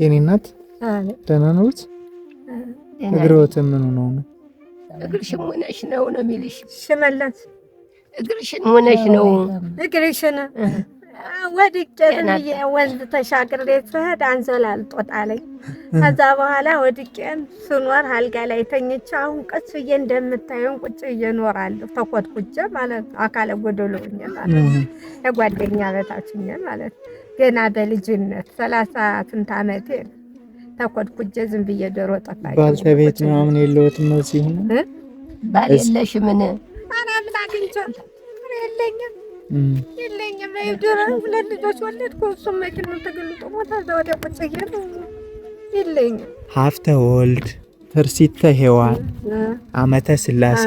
የኔ እናት ደህና ነዎት? እግሮት ምን ሆነው ነው? እግርሽን ሙነሽ ነው ነው የሚልሽ ሽመላት እግርሽን ሙነሽ ነው እግርሽን ወድቄ ዝምዬ ወንዝ ተሻግሬ ስሄድ አንሶላ አልጦት ከዛ በኋላ ወድቄን ስኖር አልጋ ላይ ተኝቼ አሁን ቀስ ብዬ እንደምታየውን ቁጭ ብዬ እኖራለሁ። ተኮትኩቼ ማለት አካለ ጎደሎ የጓደኛ በታች ማለት ገና በልጅነት ሰላሳ ስንት ዓመቴ ተኮትኩቼ ዝም ብዬ ዶሮ ጠፋ። ባልተቤት ምናምን የለሁትም ነው ሲሆን ባል የለሽ ምን ምን አግኝቼ የለኝም የለኝም። ይድረ ሁለት ልጆች ወለድኩ። እሱም መኪና ተገልጦ ሞታ ወዲያ ቁጭ እያለ የለኝም። ሀብተ ወልድ ፍርሲተ ሔዋን አመተ ስላሴ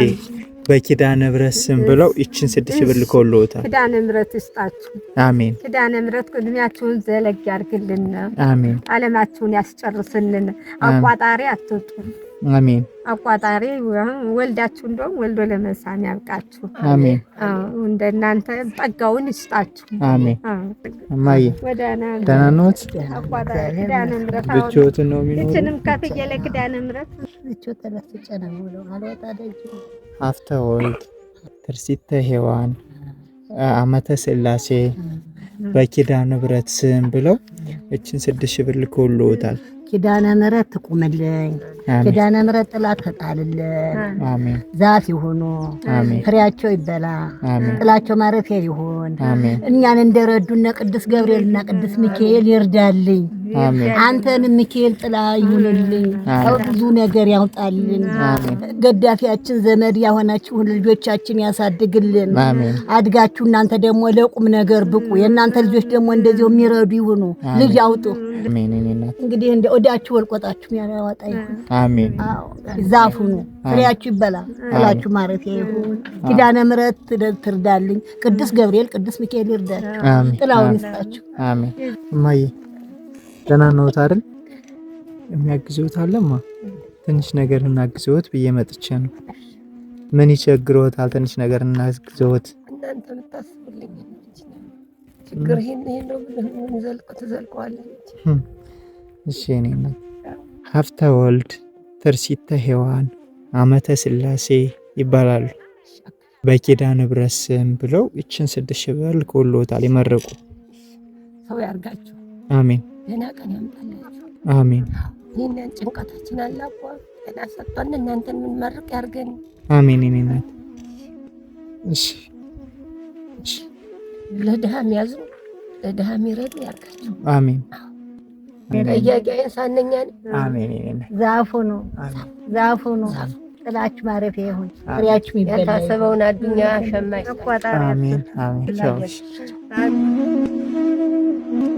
በኪዳነ ምሕረት ስም ብለው ይችን ስድስት ሺህ ብር ልከውልዎታል። ኪዳነ ምሕረት ይስጣችሁ። አሜን። ኪዳነ ምሕረት እድሜያችሁን ዘለግ ያርግልን። አሜን። አለማችሁን ያስጨርስልን። አቋጣሪ አትውጡ። አሜን። አቋጣሪ ወልዳችሁ እንደውም ወልዶ ለመሳም ያብቃችሁ። አሜን። እንደ እናንተ ጠጋውን ይስጣችሁ። አሜን። እማዬ ደህና ነዎት? ብቻዎትን ነው የሚኖሩት? ልጅንም ከፍዬ ለኪዳነ ምሕረት ሀብተ ወልድ፣ ትርሲተ ሔዋን፣ አመተ ስላሴ በኪዳነ ምሕረት ስም ብለው እችን ስድስት ሺህ ብር ልኮልዎታል። ኪዳነ ምሕረት ትቁምልን። ኪዳነ ምሕረት ጥላት ተጣልልን። ዛፍ ይሁኑ፣ ፍሬያቸው ይበላ፣ ጥላቸው ማረፊያ ይሁን። እኛን እንደረዱና ቅዱስ ገብርኤልና ቅዱስ ሚካኤል ይርዳልኝ። አንተን ሚካኤል ጥላ ይሁንልኝ፣ ብዙ ነገር ያውጣልን። ገዳፊያችን ዘመድ ያሆናችሁን ልጆቻችን ያሳድግልን። አድጋችሁ እናንተ ደግሞ ለቁም ነገር ብቁ፣ የእናንተ ልጆች ደግሞ እንደዚሁ የሚረዱ ይሁኑ። ልጅ አውጡ። እንግዲህ እንደ ወዳችሁ ወልቆጣችሁ ያወጣ ይሁን። ዛፉኑ ፍሬያችሁ ይበላ፣ ጥላችሁ ማረፊያ ይሁን። ኪዳነ ምሕረት ትርዳልኝ። ቅዱስ ገብርኤል፣ ቅዱስ ሚካኤል ይርዳችሁ፣ ጥላውን ይስጣችሁ። አሜን። ደህና ነዎት አይደል? የሚያግዝዎት አለማ ትንሽ ነገር እናግዝዎት ብዬ መጥቼ ነው። ምን ይቸግሮታል? ትንሽ ነገር እናግዝዎት። እናንተ ብታስቡልኝ ችግር ይሄን ይሄን ነው ምን እሺ እኔ ሀብተ ወልድ ትርሲተ ሔዋን አመተ ስላሴ ይባላሉ። በኪዳ ንብረት ስም ብለው ይችን ስድስት ሺህ ብር ልኮልዎታል። ይመረቁ ሰው ያርጋችሁ። አሜን ደህና ቀን ያምጣላችሁ። አሜን። ይህንን ጭንቀታችን አላቋ ጤና ሰጥቶን እናንተን የምንመርቅ ያርገን። አሜን። ኔ ናት ለድሃም ያዙ ለድሃም ይረዱ ያርጋችሁ። አሜን። ጠያቂያ ሳነኛ ዛፉ ነው ዛፉ ነው ጥላችሁ ማረፊያ ይሁን። ፍሬያችሁ ይበላ። የታሰበውን አዱኛ ሸማይ ቆጣሪ